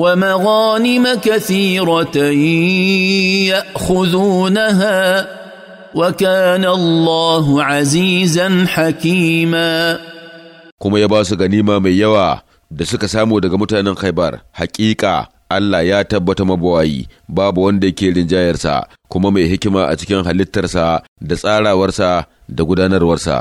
ومغانم كثيره ياخذونها وكان الله عزيزا حكيما kuma ya ba su ganima mai yawa da suka samu daga mutanen khaibar hakika Allah ya tabbata mabawayi babu wanda yake rinjayarsa kuma mai hikima a cikin halittarsa da tsarawarsa da gudanarwarsa